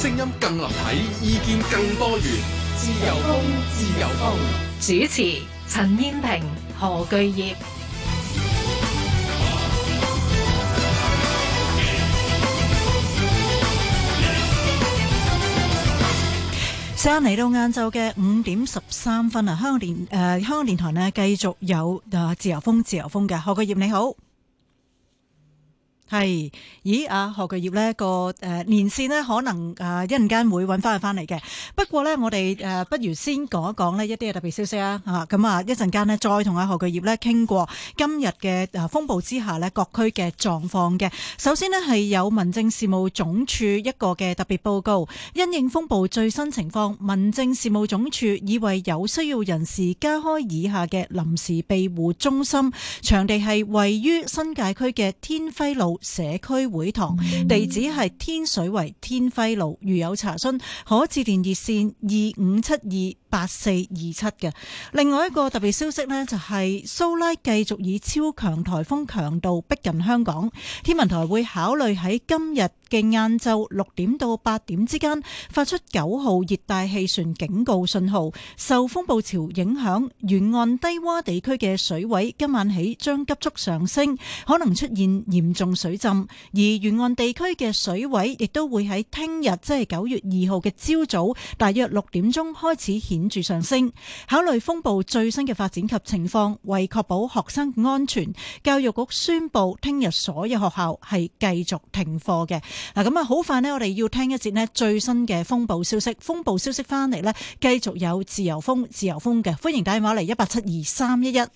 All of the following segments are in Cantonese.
聲音更立體，意見更多元。自由風，自由風。主持：陳燕平、何巨業。時間嚟到晏晝嘅五點十三分啊！香港電誒，香港電台咧繼續有啊自由風，自由風嘅何巨業你好。係，咦？啊何巨業咧，個誒連、呃、線咧，可能啊、呃、一陣間會揾翻佢翻嚟嘅。不過咧，我哋誒不如先講一講咧一啲嘅特別消息啊！吓咁啊，一陣間咧再同阿何巨業咧傾過今日嘅誒風暴之下咧各區嘅狀況嘅。首先咧係有民政事務總署一個嘅特別報告，因應風暴最新情況，民政事務總署已為有需要人士加開以下嘅臨時庇護中心，場地係位於新界區嘅天輝路。社區會堂地址係天水圍天輝路，如有查詢可致電熱線二五七二八四二七嘅。另外一個特別消息呢就係、是、蘇拉繼續以超強颱風強度逼近香港，天文台會考慮喺今日嘅晏晝六點到八點之間發出九號熱帶氣旋警告信號。受風暴潮影響，沿岸低窪地區嘅水位今晚起將急速上升，可能出現嚴重水浸。而沿岸地區嘅水位亦都會喺聽、就是、日即係九月二號嘅朝早大約六點鐘開始顯顯著上升。考慮風暴最新嘅發展及情況，為確保學生安全，教育局宣布聽日所有學校係繼續停課嘅。嗱，咁啊好快呢？我哋要聽一節咧最新嘅風暴消息。風暴消息翻嚟呢，繼續有自由風，自由風嘅歡迎打電話嚟一八七二三一一。172, 3, 1, 1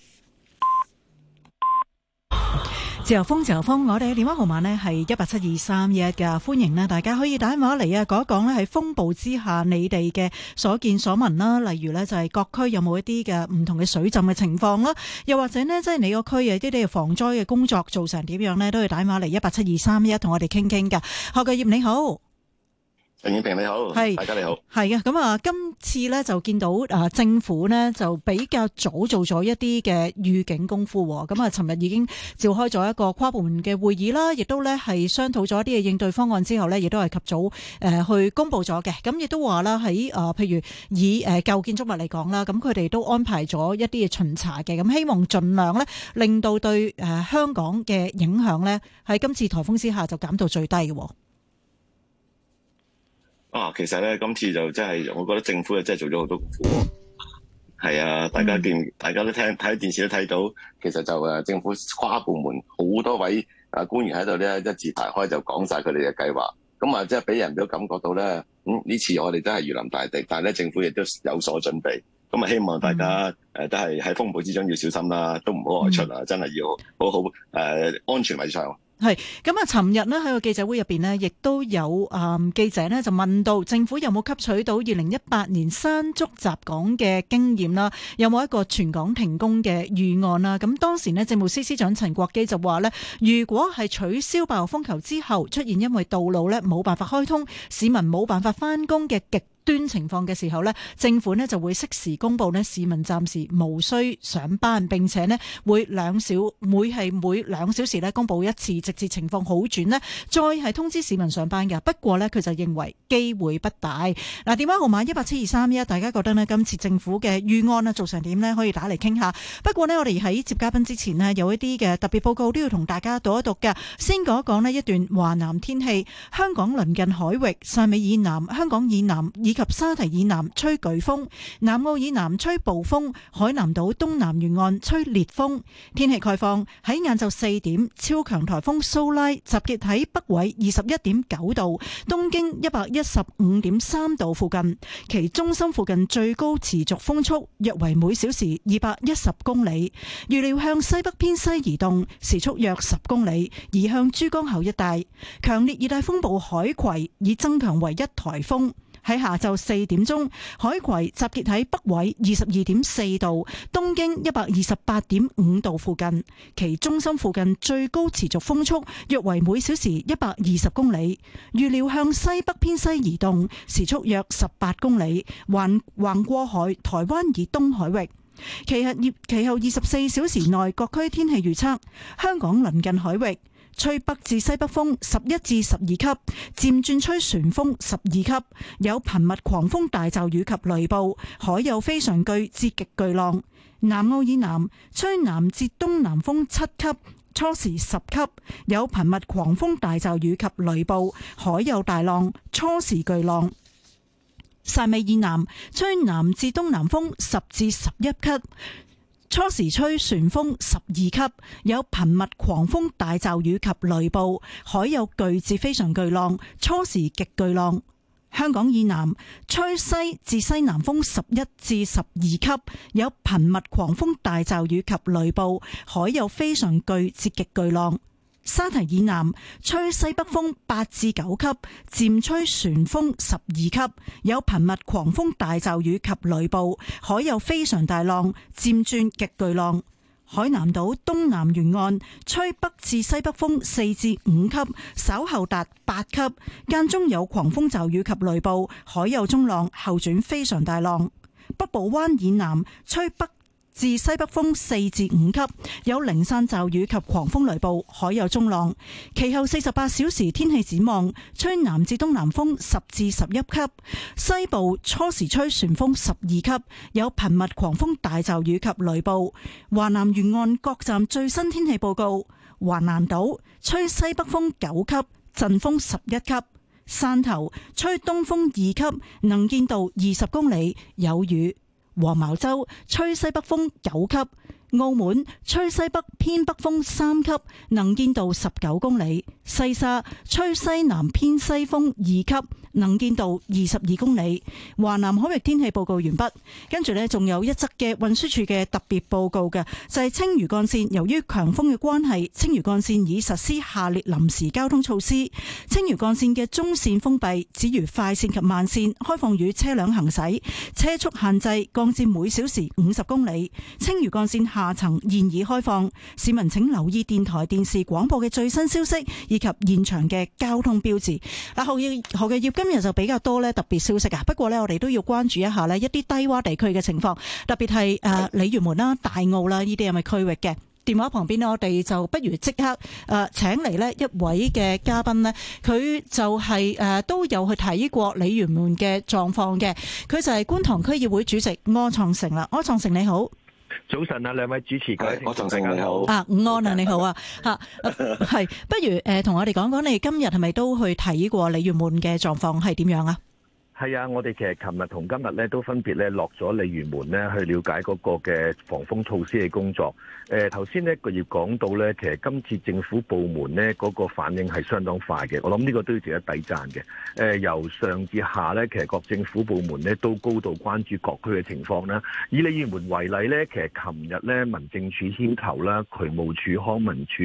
自由風，自由風，我哋嘅電話號碼呢係一八七二三一嘅，歡迎呢大家可以打電話嚟啊，講一講呢係風暴之下你哋嘅所見所聞啦，例如呢，就係各區有冇一啲嘅唔同嘅水浸嘅情況啦，又或者呢，即係你個區嘅一啲防災嘅工作做成點樣呢？都要打電話嚟一八七二三一同我哋傾傾嘅。何桂業，你好。陳婉平，你好，係大家你好，係嘅。咁啊，今次咧就見到啊，政府咧就比較早做咗一啲嘅預警功夫。咁啊，尋日已經召開咗一個跨部門嘅會議啦，亦都咧係商討咗一啲嘅應對方案之後咧，亦都係及早誒去公布咗嘅。咁亦都話啦，喺啊，譬如以誒舊建築物嚟講啦，咁佢哋都安排咗一啲嘅巡查嘅。咁希望盡量咧，令到對誒香港嘅影響咧，喺今次颱風之下就減到最低。啊，其實咧，今次就真係，我覺得政府又真係做咗好多功夫。係啊、嗯，大家見，大家都聽睇電視都睇到，其實就、啊、政府跨部門好多位啊官員喺度咧一字排開就講晒佢哋嘅計劃。咁啊，即係俾人都感覺到咧，嗯，呢次我哋真係如臨大敵，但係咧政府亦都有所準備。咁啊，希望大家誒、嗯呃、都係喺風暴之中要小心啦、啊，都唔好外出啦、啊嗯、真係要好好誒、呃、安全為上。係咁啊！尋日咧喺個記者會入邊咧，亦都有啊記者咧就問到政府有冇吸取到二零一八年山竹襲港嘅經驗啦？有冇一個全港停工嘅預案啦？咁當時咧，政務司司長陳國基就話咧，如果係取消八號風球之後出現因為道路咧冇辦法開通，市民冇辦法翻工嘅極端情況嘅時候呢，政府呢就會適時公佈呢，市民暫時無需上班，並且呢會兩小每係每兩小時呢公佈一次，直至情況好轉呢，再係通知市民上班嘅。不過呢，佢就認為機會不大。嗱，電話號碼一八七二三一，大家覺得呢，今次政府嘅預案啊，做成點呢？可以打嚟傾下。不過呢，我哋喺接嘉賓之前呢，有一啲嘅特別報告都要同大家讀一讀嘅。先講一講呢一,一段華南天氣，香港鄰近海域、汕尾以南、香港以南以及沙堤以南吹颶風，南澳以南吹暴風，海南島東南沿岸吹烈風。天氣概況喺晏晝四點，超強台風蘇拉集結喺北緯二十一點九度、東經一百一十五點三度附近，其中心附近最高持續風速約為每小時二百一十公里。預料向西北偏西移動，時速約十公里，移向珠江口一帶。強烈熱帶風暴海葵已增強為一台風。喺下晝四點鐘，海葵集結喺北緯二十二點四度、東經一百二十八點五度附近，其中心附近最高持續風速約為每小時一百二十公里，預料向西北偏西移動，時速約十八公里，橫橫過海台灣以東海域。其後二其後二十四小時內各區天氣預測，香港鄰近海域。吹北至西北風十一至十二級，漸轉吹旋風十二級，有頻密狂風大驟雨及雷暴，海有非常巨至極巨浪。南澳以南吹南至東南風七級，初時十級，有頻密狂風大驟雨及雷暴，海有大浪，初時巨浪。汕尾以南吹南至東南風十至十一級。初時吹旋風十二級，有頻密狂風大驟雨及雷暴，海有巨至非常巨浪，初時極巨浪。香港以南吹西至西南風十一至十二級，有頻密狂風大驟雨及雷暴，海有非常巨至極巨浪。沙堤以南吹西北風八至九級，漸吹旋風十二級，有頻密狂風大驟雨及雷暴，海有非常大浪，漸轉極巨浪。海南島東南沿岸吹北至西北風四至五級，稍後達八級，間中有狂風驟雨及雷暴，海有中浪，後轉非常大浪。北部灣以南吹北。自西北風四至五級，有零散驟雨及狂風雷暴，海有中浪。其後四十八小時天氣展望，吹南至東南風十至十一級，西部初時吹旋風十二級，有頻密狂風大驟雨及雷暴。華南沿岸各站最新天氣報告：華南島吹西北風九級，陣風十一級；汕頭吹東風二級，能見度二十公里，有雨。黃茅洲吹西北風，九級。澳門吹西北偏北風。下層現已開放，市民請留意電台、電視、廣播嘅最新消息以及現場嘅交通標誌。嗱，何業何嘅業今日就比較多咧特別消息啊！不過咧，我哋都要關注一下呢一啲低洼地區嘅情況，特別係誒鯉魚門啦、大澳啦呢啲係咪區域嘅？電話旁邊呢，我哋就不如即刻誒請嚟咧一位嘅嘉賓呢佢就係、是、誒、呃、都有去睇過鯉魚門嘅狀況嘅，佢就係觀塘區議會主席柯創盛啦，柯創盛，柯創盛你好。早晨啊，兩位主持，各位，我仲成日你好。啊，午安啊，你好啊，嚇，係，不如誒，同我哋講講你今日係咪都去睇過李月滿嘅狀況係點樣啊？係啊，我哋其實琴日同今日咧都分別咧落咗鯉魚門咧去了解嗰個嘅防風措施嘅工作。誒頭先呢佢要講到咧，其實今次政府部門咧嗰個反應係相當快嘅。我諗呢個都要值得抵讚嘅。誒由上至下咧，其實各政府部門咧都高度關注各區嘅情況啦。以鯉魚門為例咧，其實琴日咧民政處牽頭啦，渠務處、康文署。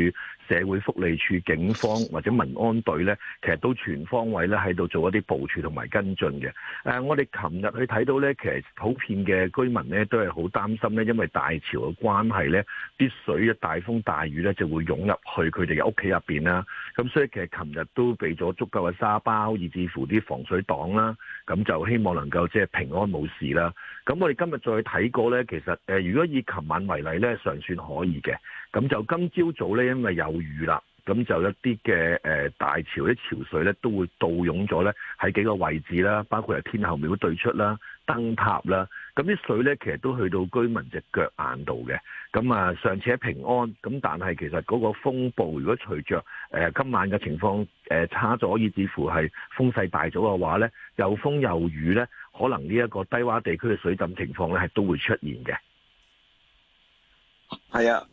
社會福利署、警方或者民安隊咧，其實都全方位咧喺度做一啲部署同埋跟進嘅。誒、啊，我哋琴日去睇到咧，其實普遍嘅居民咧都係好擔心咧，因為大潮嘅關係咧，啲水大風大雨咧就會湧入去佢哋嘅屋企入邊啦。咁所以其實琴日都備咗足夠嘅沙包，以至乎啲防水擋啦。咁就希望能夠即係平安冇事啦。咁我哋今日再睇過咧，其實誒，如果以琴晚為例咧，尚算可以嘅。咁就今朝早咧，因為有雨啦，咁就一啲嘅誒大潮、啲潮水咧，都會倒湧咗咧喺幾個位置啦，包括係天后廟對出啦、燈塔啦，咁啲水咧，其實都去到居民隻腳眼度嘅。咁啊，尚且平安，咁但係其實嗰個風暴，如果隨着誒、呃、今晚嘅情況誒差咗，以至乎係風勢大咗嘅話咧，又風又雨咧，可能呢一個低窪地區嘅水浸情況咧，係都會出現嘅。係啊。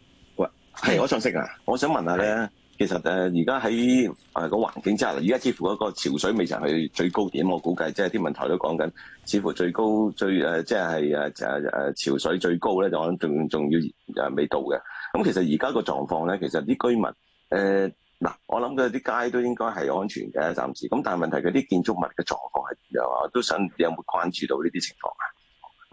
係，我想識啊！我想問下咧，其實誒而家喺誒個環境之下，而家似乎嗰個潮水未曾去最高點，我估計即係天文台都講緊，似乎最高最誒即係誒潮水最高咧，就仲仲要未到嘅。咁其實而家個狀況咧，其實啲居民誒嗱、呃，我諗佢啲街都應該係安全嘅暫時。咁但係問題佢啲建築物嘅狀況係點啊？都想有冇關注到呢啲情況啊？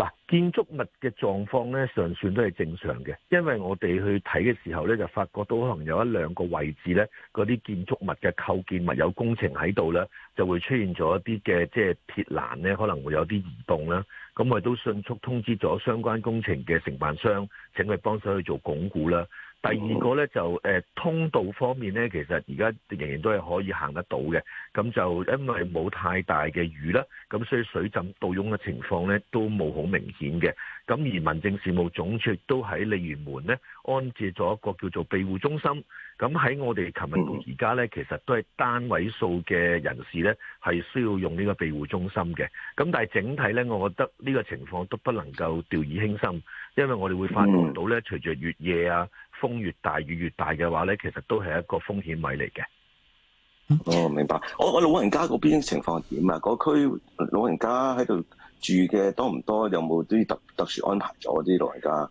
啊，建築物嘅狀況咧，尚算都係正常嘅，因為我哋去睇嘅時候咧，就發覺到可能有一兩個位置咧，嗰啲建築物嘅構建物有工程喺度咧，就會出現咗一啲嘅即係鐵欄咧，可能會有啲移動啦，咁我哋都迅速通知咗相關工程嘅承辦商，請佢幫手去做鞏固啦。第二個咧就誒通道方面咧，其實而家仍然都係可以行得到嘅。咁就因為冇太大嘅雨啦，咁所以水浸倒湧嘅情況咧都冇好明顯嘅。咁而民政事務總署都喺利源門咧安置咗一個叫做庇護中心。咁喺我哋琴日到而家咧，其實都係單位數嘅人士咧係需要用呢個庇護中心嘅。咁但係整體咧，我覺得呢個情況都不能夠掉以輕心，因為我哋會發現到咧，隨著月夜啊～風越大雨越大嘅話咧，其實都係一個風險位嚟嘅。哦，明白。我、哦、我老人家嗰邊情況點啊？嗰、那、區、個、老人家喺度住嘅多唔多？有冇啲特特殊安排咗啲老人家？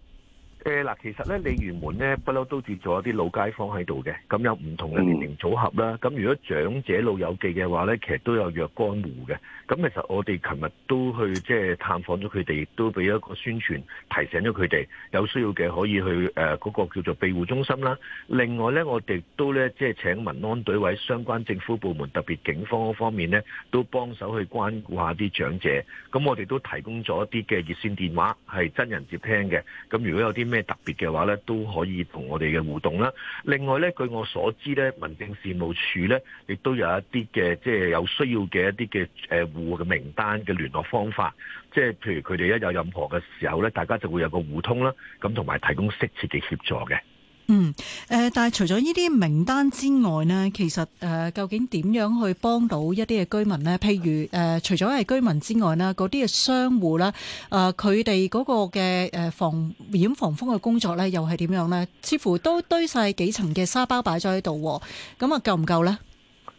誒嗱，其實咧，鯉魚門咧，不嬲都接咗啲老街坊喺度嘅，咁有唔同嘅年齡組合啦。咁如果長者老友記嘅話咧，其實都有若干戶嘅。咁其實我哋琴日都去即係探訪咗佢哋，亦都俾一個宣傳提醒咗佢哋有需要嘅可以去誒嗰個叫做庇護中心啦。另外咧，我哋都咧即係請民安隊委相關政府部門，特別警方嗰方面咧，都幫手去關顧下啲長者。咁我哋都提供咗一啲嘅熱線電話，係真人接聽嘅。咁如果有啲咩特別嘅話咧，都可以同我哋嘅互動啦。另外咧，據我所知咧，民政事務處咧亦都有一啲嘅即係有需要嘅一啲嘅戶戶嘅名單嘅聯絡方法，即係譬如佢哋一有任何嘅時候咧，大家就會有個互通啦，咁同埋提供適切嘅協助嘅。嗯，誒、呃，但係除咗呢啲名單之外呢，其實誒、呃，究竟點樣去幫到一啲嘅居民呢？譬如誒、呃，除咗係居民之外呢，嗰啲嘅商戶啦，誒、呃，佢哋嗰個嘅誒防染防風嘅工作咧，又係點樣呢？似乎都堆晒幾層嘅沙包擺咗喺度，咁啊夠唔夠呢？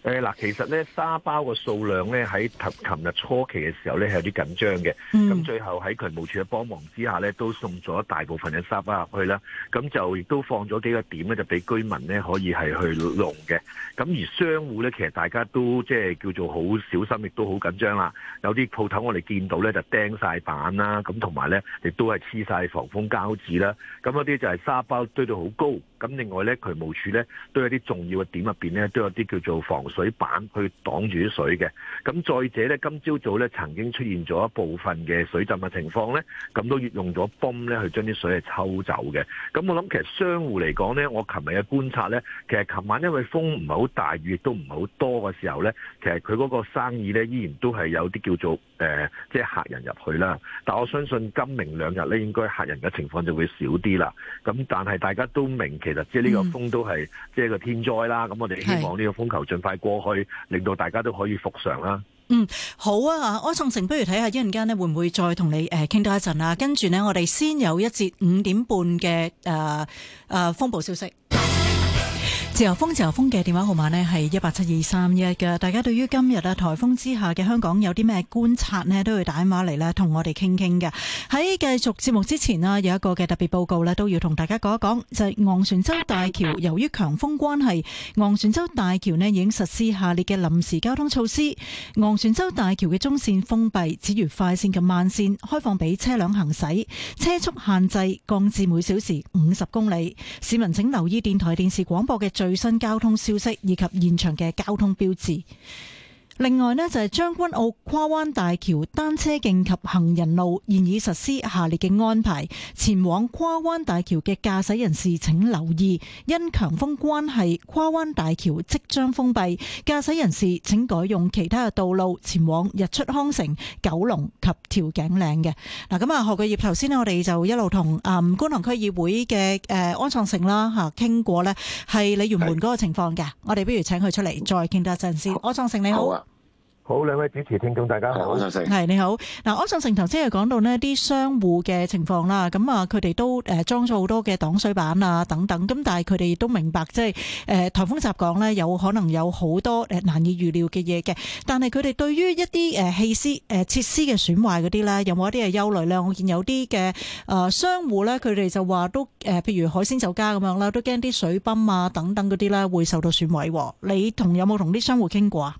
誒嗱，其實咧，沙包嘅數量咧，喺琴日初期嘅時候咧係有啲緊張嘅，咁、嗯、最後喺渠務署嘅幫忙之下咧，都送咗大部分嘅沙包入去啦，咁就亦都放咗幾個點咧，就俾居民咧可以係去用嘅。咁而商戶咧，其實大家都即係叫做好小心，亦都好緊張啦。有啲鋪頭我哋見到咧就釘晒板啦，咁同埋咧亦都係黐晒防風膠紙啦。咁一啲就係沙包堆到好高。咁另外咧，渠務署咧都有啲重要嘅點入面咧，都有啲叫做防水板去擋住啲水嘅。咁再者咧，今朝早咧曾經出現咗一部分嘅水浸嘅情況咧，咁都用咗泵咧去將啲水係抽走嘅。咁我諗其實商戶嚟講咧，我琴日嘅觀察咧，其實琴晚因為風唔係好大，雨亦都唔係好多嘅時候咧，其實佢嗰個生意咧依然都係有啲叫做誒，即、呃、係、就是、客人入去啦。但我相信今明兩日咧應該客人嘅情況就會少啲啦。咁但係大家都明即係呢個風都係、嗯、即係個天災啦，咁我哋希望呢個風球盡快過去，令到大家都可以復常啦。嗯，好啊，柯創盛不如睇下一陣間咧會唔會，會再同你誒傾多一陣啊。跟住呢，我哋先有一節五點半嘅誒誒風暴消息。自由風，自由風嘅電話號碼咧係一八七二三一一嘅。大家對於今日啊颱風之下嘅香港有啲咩觀察咧，都要打電話嚟咧同我哋傾傾嘅。喺繼續節目之前啦，有一個嘅特別報告咧都要同大家講一講，就係昂船洲大橋由於強風關係，昂船洲大橋咧已經實施下列嘅臨時交通措施：昂船洲大橋嘅中線封閉，至於快線同慢線開放俾車輛行駛，車速限制降至每小時五十公里。市民請留意電台、電視廣播嘅。最新交通消息以及現場嘅交通標誌。另外呢就係、是、將軍澳跨灣大橋單車徑及行人路現已實施下列嘅安排，前往跨灣大橋嘅駕駛人士請留意，因強風關係跨灣大橋即將封閉，駕駛人士請改用其他嘅道路前往日出康城、九龍及調景嶺嘅。嗱咁啊何巨業頭先呢？我哋就一路同啊、嗯、觀塘區議會嘅誒、呃、柯創盛啦吓傾過呢係鯉魚門嗰個情況嘅，我哋不如請佢出嚟再傾多一陣先。柯創盛你好。好啊好，兩位主持，聽眾大家好，柯創盛係你好。嗱，柯創盛頭先係講到呢啲商戶嘅情況啦，咁啊，佢哋都誒裝咗好多嘅擋水板啊，等等。咁但係佢哋亦都明白，即係誒台風襲港咧，有可能有好多誒難以預料嘅嘢嘅。但係佢哋對於一啲誒設施誒設施嘅損壞嗰啲咧，有冇一啲嘅憂慮咧？我見有啲嘅誒商戶咧，佢哋就話都誒，譬如海鮮酒家咁樣啦，都驚啲水泵啊，等等嗰啲咧會受到損毀。你同有冇同啲商戶傾過啊？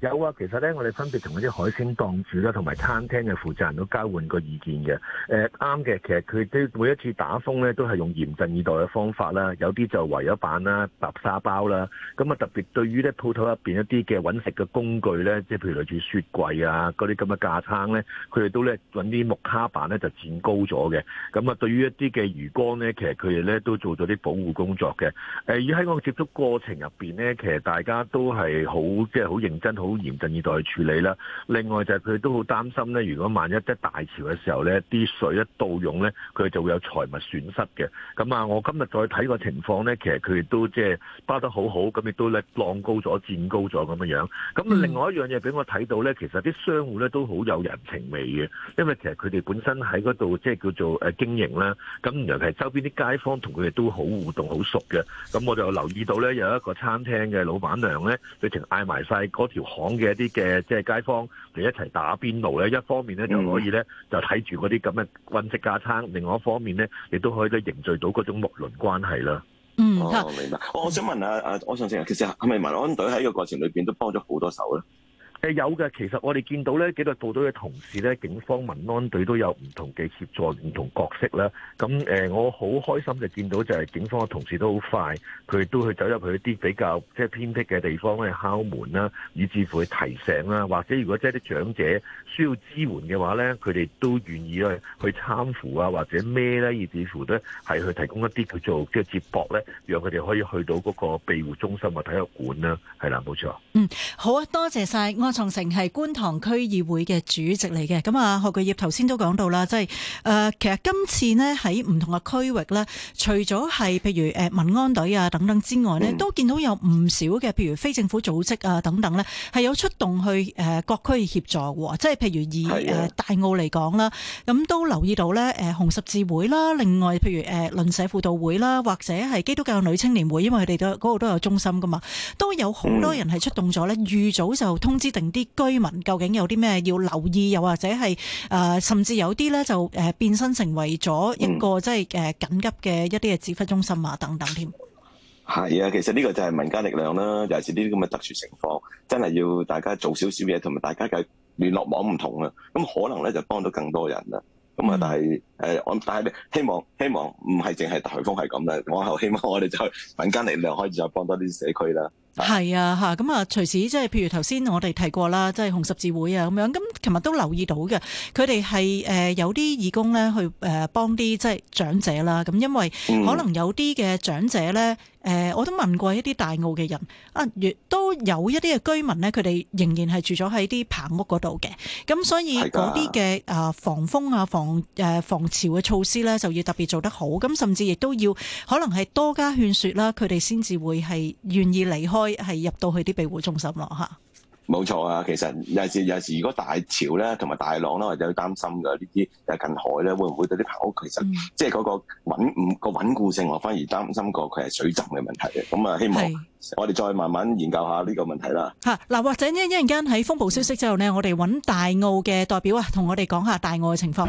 有啊，其實咧，我哋分別同一啲海鮮檔主啦、啊，同埋餐廳嘅負責人都交換過意見嘅。誒啱嘅，其實佢都每一次打風咧，都係用嚴陣以待嘅方法啦。有啲就圍咗板啦、搭沙包啦。咁啊，特別對於咧鋪頭入邊一啲嘅揾食嘅工具咧，即係譬如類似雪櫃啊、嗰啲咁嘅架撐咧，佢哋都咧揾啲木蝦板咧就墊高咗嘅。咁啊，對於一啲嘅魚缸咧，其實佢哋咧都做咗啲保護工作嘅。誒、呃，而喺我接觸過程入邊咧，其實大家都係好即係好認真好嚴陣以待去處理啦。另外就係佢都好擔心咧，如果萬一即係大潮嘅時候咧，啲水一倒湧咧，佢就會有財物損失嘅。咁啊，我今日再睇個情況咧，其實佢哋都即係包得好好，咁亦都咧浪高咗、漲高咗咁樣樣。咁另外一樣嘢俾我睇到咧，其實啲商戶咧都好有人情味嘅，因為其實佢哋本身喺嗰度即係叫做誒經營啦，咁尤其係周邊啲街坊同佢哋都好互動、好熟嘅。咁我就留意到咧，有一個餐廳嘅老闆娘咧，佢直嗌埋晒嗰條。講嘅一啲嘅即係街坊嚟一齊打邊爐咧，一方面咧就可以咧就睇住嗰啲咁嘅溫室架餐，另外一方面咧亦都可以咧凝聚到嗰種睦鄰關係啦。嗯，我、哦、明白、哦。我想問下、啊、我上次其實係咪民安隊喺呢個過程裏邊都幫咗好多手咧？誒，有嘅，其實我哋見到咧，幾個部隊嘅同事咧，警方、民安隊都有唔同嘅協助、唔同角色啦。咁誒，我好開心就見到就係警方嘅同事都好快，佢都去走入去一啲比較即係偏僻嘅地方去敲門啦，以至乎去提醒啦，或者如果即係啲長者需要支援嘅話咧，佢哋都願意咧去攙扶啊，或者咩咧，以至乎咧係去提供一啲叫做即係接駁咧，讓佢哋可以去到嗰個庇護中心或體育館啦。係啦，冇錯。嗯，好啊，多謝晒創盛係觀塘區議會嘅主席嚟嘅，咁啊何巨業頭先都講到啦，即係誒，其實今次咧喺唔同嘅區域咧，除咗係譬如誒民安隊啊等等之外咧，嗯，都見到有唔少嘅，譬如非政府組織啊等等咧，係有出動去誒各區協助，即係譬如以誒大澳嚟講啦，咁都留意到咧，誒紅十字會啦，另外譬如誒鄰舍輔導會啦，或者係基督教女青年會，因為佢哋都嗰度都有中心噶嘛，都有好多人係出動咗咧，預早就通知。定啲居民究竟有啲咩要留意，又或者係誒，甚至有啲咧就誒，變身成為咗一個即係誒緊急嘅一啲嘅指揮中心啊，等等添。係啊，其實呢個就係民間力量啦，尤其是呢啲咁嘅特殊情況，真係要大家做少少嘢，同埋大家嘅聯絡網唔同啊，咁可能咧就幫到更多人啦。咁啊，但係誒，我但係咧，希望希望唔係淨係台風係咁啦，往後希望我哋就民間力量可以再幫多啲社區啦。係啊，咁啊，隨時即係譬如頭先我哋提過啦，即係紅十字會啊咁樣。咁琴日都留意到嘅，佢哋係誒有啲義工咧去誒幫啲即係長者啦。咁因為可能有啲嘅長者咧。誒、呃，我都問過一啲大澳嘅人啊，亦都有一啲嘅居民咧，佢哋仍然係住咗喺啲棚屋嗰度嘅，咁所以嗰啲嘅防風啊防啊防潮嘅措施咧，就要特別做得好，咁甚至亦都要可能係多加勸說啦，佢哋先至會係願意離開，係入到去啲庇護中心咯、嚇。冇錯啊，其實有時有時如果大潮咧，同埋大浪咧，我哋要擔心嘅呢啲，近海咧，會唔會對啲棚屋其實、嗯、即係嗰、嗰個穩固個穩固性，我反而擔心過佢係水浸嘅問題嘅。咁啊，希望。我哋再慢慢研究下呢個問題啦。吓，嗱，或者一一陣間喺風暴消息之後咧，我哋揾大澳嘅代表啊，同我哋講下大澳嘅情況。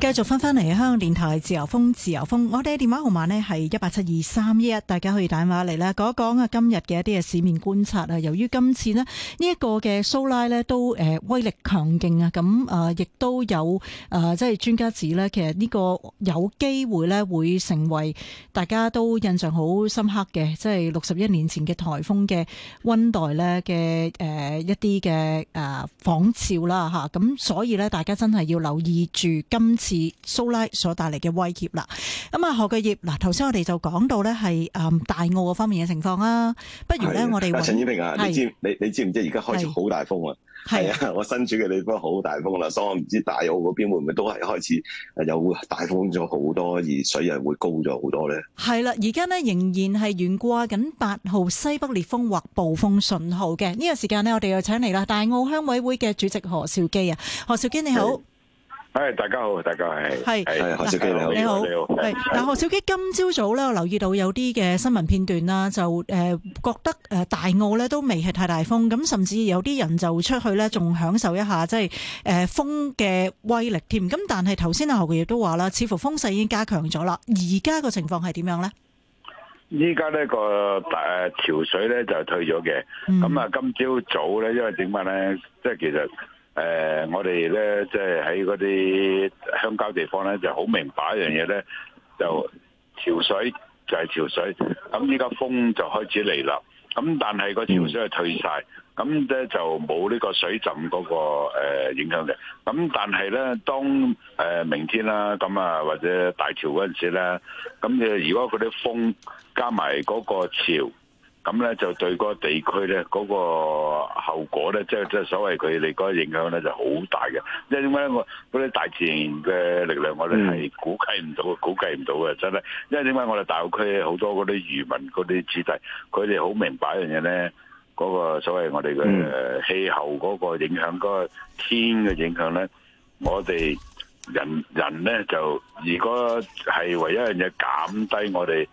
繼續翻翻嚟，香港電台自由風，自由風。我哋嘅電話號碼咧係一八七二三一一，大家可以打電話嚟啦。講一講啊，今日嘅一啲嘅市面觀察啊。由於今次咧呢一個嘅蘇拉咧都誒威力強勁啊，咁啊亦都有誒即係專家指咧，其實呢個有機會咧會成為大家都印象好深刻嘅，即係六十一年前嘅台風嘅溫帶咧嘅誒一啲嘅誒仿照啦吓，咁所以咧大家真係要留意住今次蘇拉所帶嚟嘅威脅啦。咁啊何紹基嗱，頭先我哋就講到咧係誒大澳方面嘅情況啦。不如咧我哋陳宇平啊，你知你你知唔知而家開始好大風啊？係啊，啊，我身處嘅地方好大風啦，所以我唔知大澳嗰邊會唔會都係開始有大風咗好多，而水又會高咗好多咧？係啦，啊，而家咧仍然係懸掛緊八號西北烈風或暴風信號嘅。呢個時間咧，我哋又請嚟啦大澳鄉委會嘅主席何紹基啊，何紹基你好。係，大家好，大家係係係，何紹基你好你好係。嗱，何紹基今朝早咧，我留意到有啲嘅新聞片段啦，就誒覺得誒大澳咧都未係太大風，咁甚至有啲人就出去咧仲享受一下即係誒風嘅威力添，咁但係頭先阿何亦都話啦，似乎風勢已經加強咗啦，而家個情況係點樣咧？依家呢個誒潮水咧就退咗嘅，咁、嗯、啊今朝早咧，因為點解咧？即係其實。誒、呃，我哋咧即係喺嗰啲鄉郊地方咧，就好明白一樣嘢咧，就潮水就係潮水。咁依家風就開始嚟啦，咁但係個潮水係退曬，咁咧就冇呢個水浸嗰、嗰個、呃、影響嘅。咁但係咧，當明天啦、啊，咁啊或者大潮嗰陣時咧，咁你如果嗰啲風加埋嗰個潮。咁咧就對嗰個地區咧，嗰個後果咧，即係即係所謂佢哋嗰個影響咧，就好大嘅。因為點解我哋大自然嘅力量，我哋係估計唔到，估計唔到嘅真係。因為點解我哋大澳區好多嗰啲漁民嗰啲子弟，佢哋好明白一樣嘢咧，嗰個所謂我哋嘅氣候嗰個影響，嗰個天嘅影響咧，我哋人人咧就如果係唯一一樣嘢減低我哋。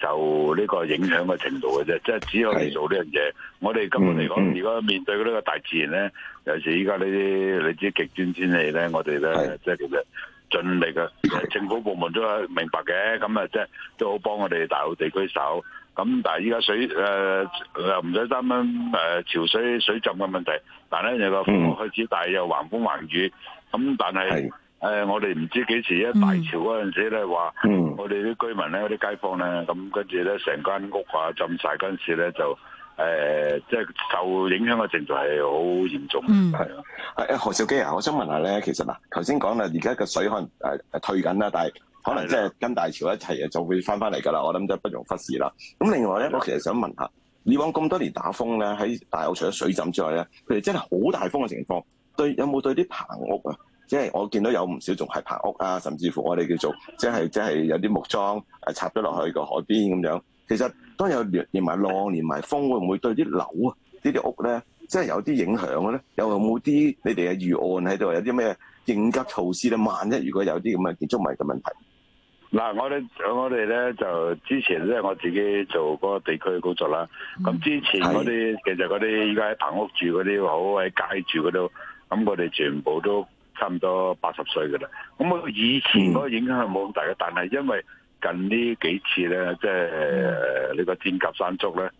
就呢個影響嘅程度嘅啫，即係只有你做呢樣嘢。我哋根本嚟講，如、嗯、果面對呢個大自然咧，尤、嗯、其依家呢啲你知極端天氣咧，我哋咧即係其實盡力嘅。政府部門都明白嘅，咁啊即係都好幫我哋大澳地區守。咁但係依家水誒唔使擔心潮水水浸嘅問題，但係咧你個風開始大、嗯、又橫風橫雨。咁但係。誒、呃，我哋唔知幾時咧大潮嗰陣時咧話，嗯、我哋啲居民咧、啲街坊咧，咁跟住咧成間屋啊浸晒嗰陣時咧就，誒、呃，即係受影響嘅程度係好嚴重，係、嗯、啊。何紹基啊，我想問下咧，其實啊，頭先講啦，而家個水可能誒退緊啦，但係可能即係跟大潮一齊啊，就會翻翻嚟噶啦。我諗都不容忽視啦。咁另外咧，我其實想問下，你往咁多年打風咧，喺大澳除咗水浸之外咧，佢哋真係好大風嘅情況，對有冇對啲棚屋啊？即係我見到有唔少仲係棚屋啊，甚至乎我哋叫做即係即係有啲木樁插咗落去個海邊咁樣。其實當有連連埋浪、連埋風，會唔會對啲樓啊呢啲屋咧，即係有啲影響嘅咧？有冇啲你哋嘅預案喺度？有啲咩應急措施咧？萬一如果有啲咁嘅建築物嘅問題，嗱、嗯、我咧我哋咧就之前咧我自己做嗰個地區嘅工作啦。咁之前嗰啲其實嗰啲依家喺棚屋住嗰啲，好喺街住嗰度，咁我哋全部都。差唔多八十歲嘅啦，咁以前嗰個影響冇咁大嘅，但係因為近呢幾次咧，即係你個天鴿山竹咧，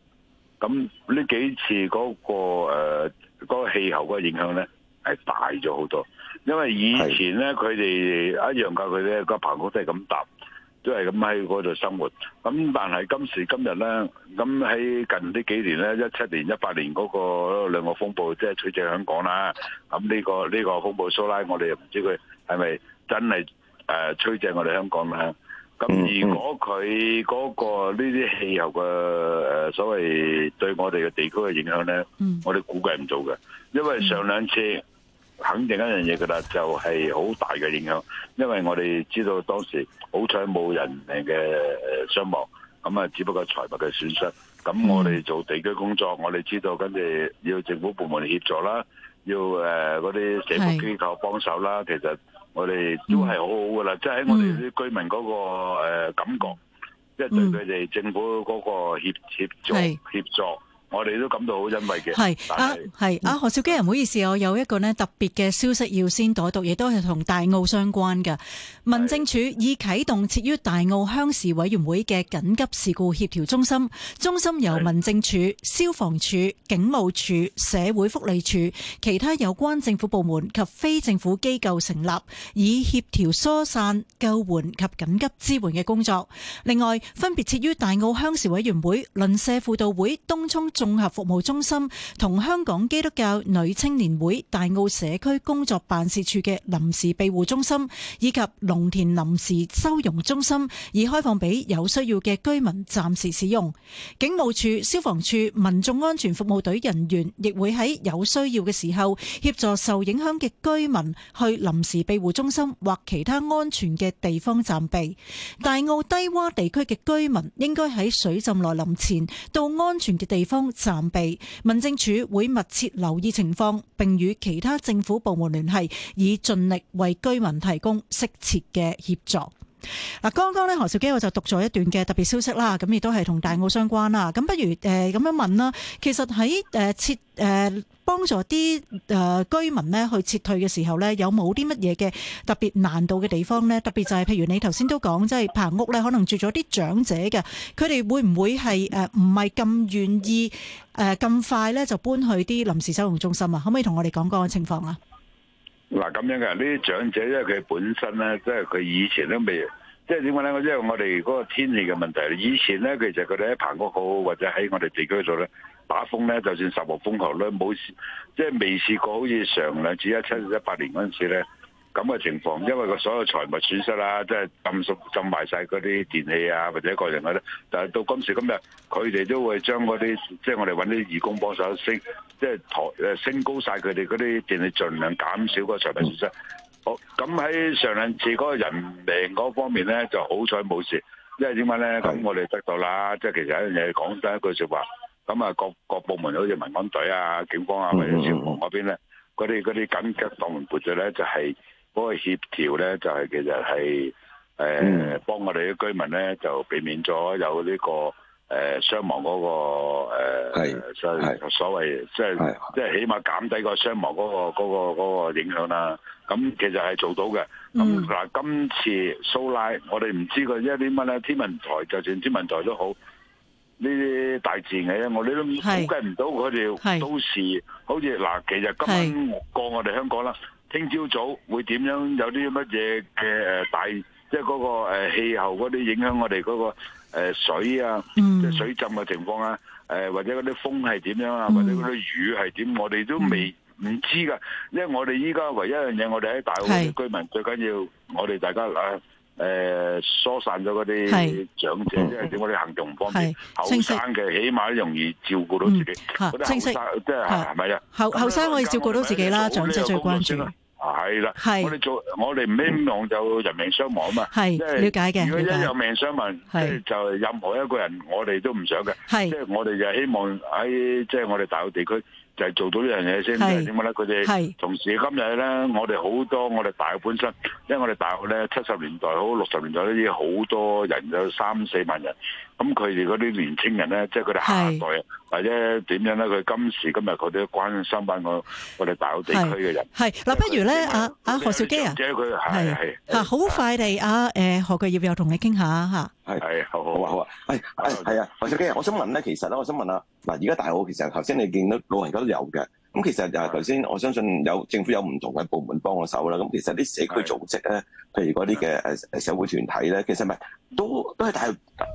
咁呢幾次嗰個誒嗰個氣候嗰個影響咧係大咗好多，因為以前咧佢哋一樣教佢咧個棚屋都係咁搭。都係咁喺嗰度生活，咁但係今時今日咧，咁喺近呢幾年咧，一七年、一八年嗰個兩個風暴，即係吹正香港啦。咁呢個呢個風暴蘇拉，我哋又唔知佢係咪真係誒吹正我哋香港啦。咁如果佢嗰個呢啲氣候嘅誒所謂對我哋嘅地區嘅影響咧，我哋估計唔做嘅，因為上兩次肯定一樣嘢噶啦，就係好大嘅影響，因為我哋知道當時。好彩冇人命嘅傷亡，咁啊只不過財物嘅損失。咁我哋做地區工作，我哋知道跟住要政府部門協助啦，要誒嗰啲社會機構幫手啦。其實我哋都係好好噶啦，即、嗯、係、喺、我哋啲居民嗰個誒感覺，即係對佢哋政府嗰個協協助協助。我哋都感到好欣慰嘅。係啊，係啊，何紹基，唔好意思，我有一個呢特別嘅消息要先代讀，亦都係同大澳相關嘅。民政處已啟動設於大澳鄉事委員會嘅緊急事故協調中心，中心由民政處、消防處、警務處、社會福利署其他有關政府部門及非政府機構成立，以協調疏散、救援及緊急支援嘅工作。另外，分別設於大澳鄉事委員會、鄰舍輔導會、東涌。綜合服務中心同香港基督教女青年會大澳社區工作辦事處嘅臨時庇護中心，以及農田臨時收容中心已開放俾有需要嘅居民暫時使用。警務處、消防處、民眾安全服務隊人員亦會喺有需要嘅時候協助受影響嘅居民去臨時庇護中心或其他安全嘅地方暫避。大澳低洼地區嘅居民應該喺水浸來臨前到安全嘅地方。暫備，民政處會密切留意情況，並與其他政府部門聯繫，以盡力為居民提供適切嘅協助。嗱，剛剛何紹基我就讀咗一段嘅特別消息啦，咁亦都係同大澳相關啦。咁不如誒咁、呃、樣問啦，其實喺誒設誒。呃幫助啲誒居民咧去撤退嘅時候咧，有冇啲乜嘢嘅特別難度嘅地方咧？特別就係譬如你頭先都講，即係棚屋咧，可能住咗啲長者嘅，佢哋會唔會係誒唔係咁願意誒咁快咧就搬去啲臨時收容中心啊？可唔可以同我哋講講個情況啊？嗱，咁樣嘅呢啲長者，因為佢本身咧，即係佢以前都未，即係點講咧？因為我哋嗰個天氣嘅問題，以前咧其實佢哋喺棚屋好，或者喺我哋地區度咧。打風咧，就算十號風球咧，冇事，即係未試過好似上兩次一七一八年嗰陣時咧咁嘅情況，因為個所有財物損失啦、啊，即係浸熟浸埋晒嗰啲電器啊，或者個人嗰啲。但係到今時今日，佢哋都會將嗰啲，即係我哋揾啲義工幫手，升，即係抬誒升高晒佢哋嗰啲電器，儘量減少個財物損失。好咁喺上兩次嗰個人命嗰方面咧，就好彩冇事，因為點解咧？咁我哋得到啦，是即係其實一樣嘢，講真一句説話。咁啊，各各部門好似民安隊啊、警方啊、嗯、或者消防嗰邊咧，嗰啲啲緊急部門部隊咧，就係、是、嗰個協調咧，就係、是、其實係誒、呃嗯、幫我哋啲居民咧，就避免咗有呢、這個誒、呃、傷亡嗰、那個誒、呃，所以所謂即係即係起碼減低個傷亡嗰、那個嗰、那個那個、影響啦、啊。咁其實係做到嘅。咁、嗯、嗱、嗯，今次蘇拉，我哋唔知佢一啲乜咧，天文台就算天文台都好。呢啲大自然嘅，我哋都估計唔到佢哋都是好似嗱，其實今晚過我哋香港啦，聽朝早會點樣？有啲乜嘢嘅誒大，即、就、係、是、嗰個誒氣候嗰啲影響我哋嗰個誒水啊，嗯、水浸嘅情況啊，誒或者嗰啲風係點樣啊，或者嗰啲、嗯、雨係點，我哋都未唔、嗯、知噶，因為我哋依家唯一一樣嘢，我哋喺大澳嘅居民最緊要，我哋大家啊～誒、呃、疏散咗嗰啲長者，即係點我哋行動方便，後生嘅起碼容易照顧到自己。嗰清晰，後生即係係咪啊？後後生可以照顧到自己啦，長者最關注。係、啊、啦，我哋做我哋唔希望就人命傷亡啊嘛。係了解嘅。因為如果一有命傷亡，即係、呃、就任何一個人，我哋都唔想嘅。係即係我哋就希望喺即係我哋大澳地區就係做到呢樣嘢先。係點解咧？佢哋係同時今日咧，我哋好多我哋大澳本身，因為我哋大澳咧七十年代好，六十年代嗰啲好多人有三四萬人。咁佢哋嗰啲年青人咧，即係佢哋下一代或者點樣咧？佢今時今日佢都關心翻我我哋大澳地區嘅人。係嗱，呃、不如咧啊啊何紹基啊，係係啊好快地啊誒何巨業又同你傾下吓，係係好好啊好啊，係係啊何紹基，我想問咧，其實咧，我想問啊嗱，而家大澳其實頭先你見到老人家都有嘅，咁其實啊頭先我相信有政府有唔同嘅部門幫我手啦，咁其實啲社區組織咧，譬如嗰啲嘅誒誒社會團體咧，其實係都都係大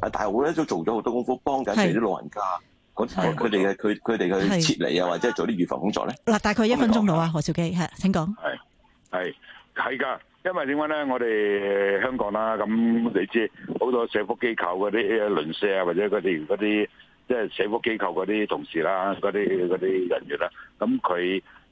啊大澳咧都做咗好多功夫幫緊佢啲老人家。佢哋嘅佢佢哋去撤離啊，或者做啲預防工作咧？嗱，大概一分鐘到啊，何紹基係，請講。係係係噶，因為點解咧？我哋香港啦，咁、嗯、你知好多社福機構嗰啲鄰舍啊，或者佢哋嗰啲即係社福機構嗰啲同事啦，嗰啲啲人員啦，咁佢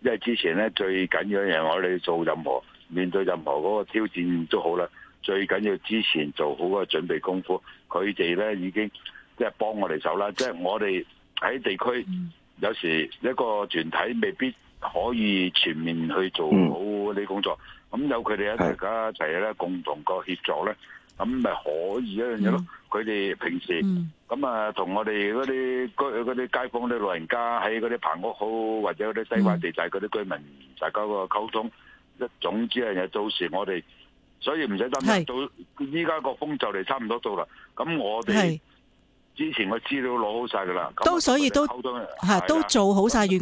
因為之前咧最緊要嘅，我哋做任何面對任何嗰個挑戰都好啦，最緊要之前做好個準備功夫，佢哋咧已經。即、就、係、是、幫我哋手啦，即、就、係、是、我哋喺地區、嗯、有時一個團體未必可以全面去做好呢個工作，咁、嗯、有佢哋咧，大家一齊咧共同個協助咧，咁咪可以、嗯、一樣嘢咯。佢哋平時咁啊，同、嗯、我哋嗰啲居啲街坊啲老人家喺嗰啲棚屋好，或者嗰啲低矮地帶嗰啲居民，嗯、大家個溝通，一總之係有做事，我哋所以唔使擔心到。依家個風就嚟差唔多到啦，咁我哋。之前個資料攞好晒㗎啦，都所以都係都做好晒。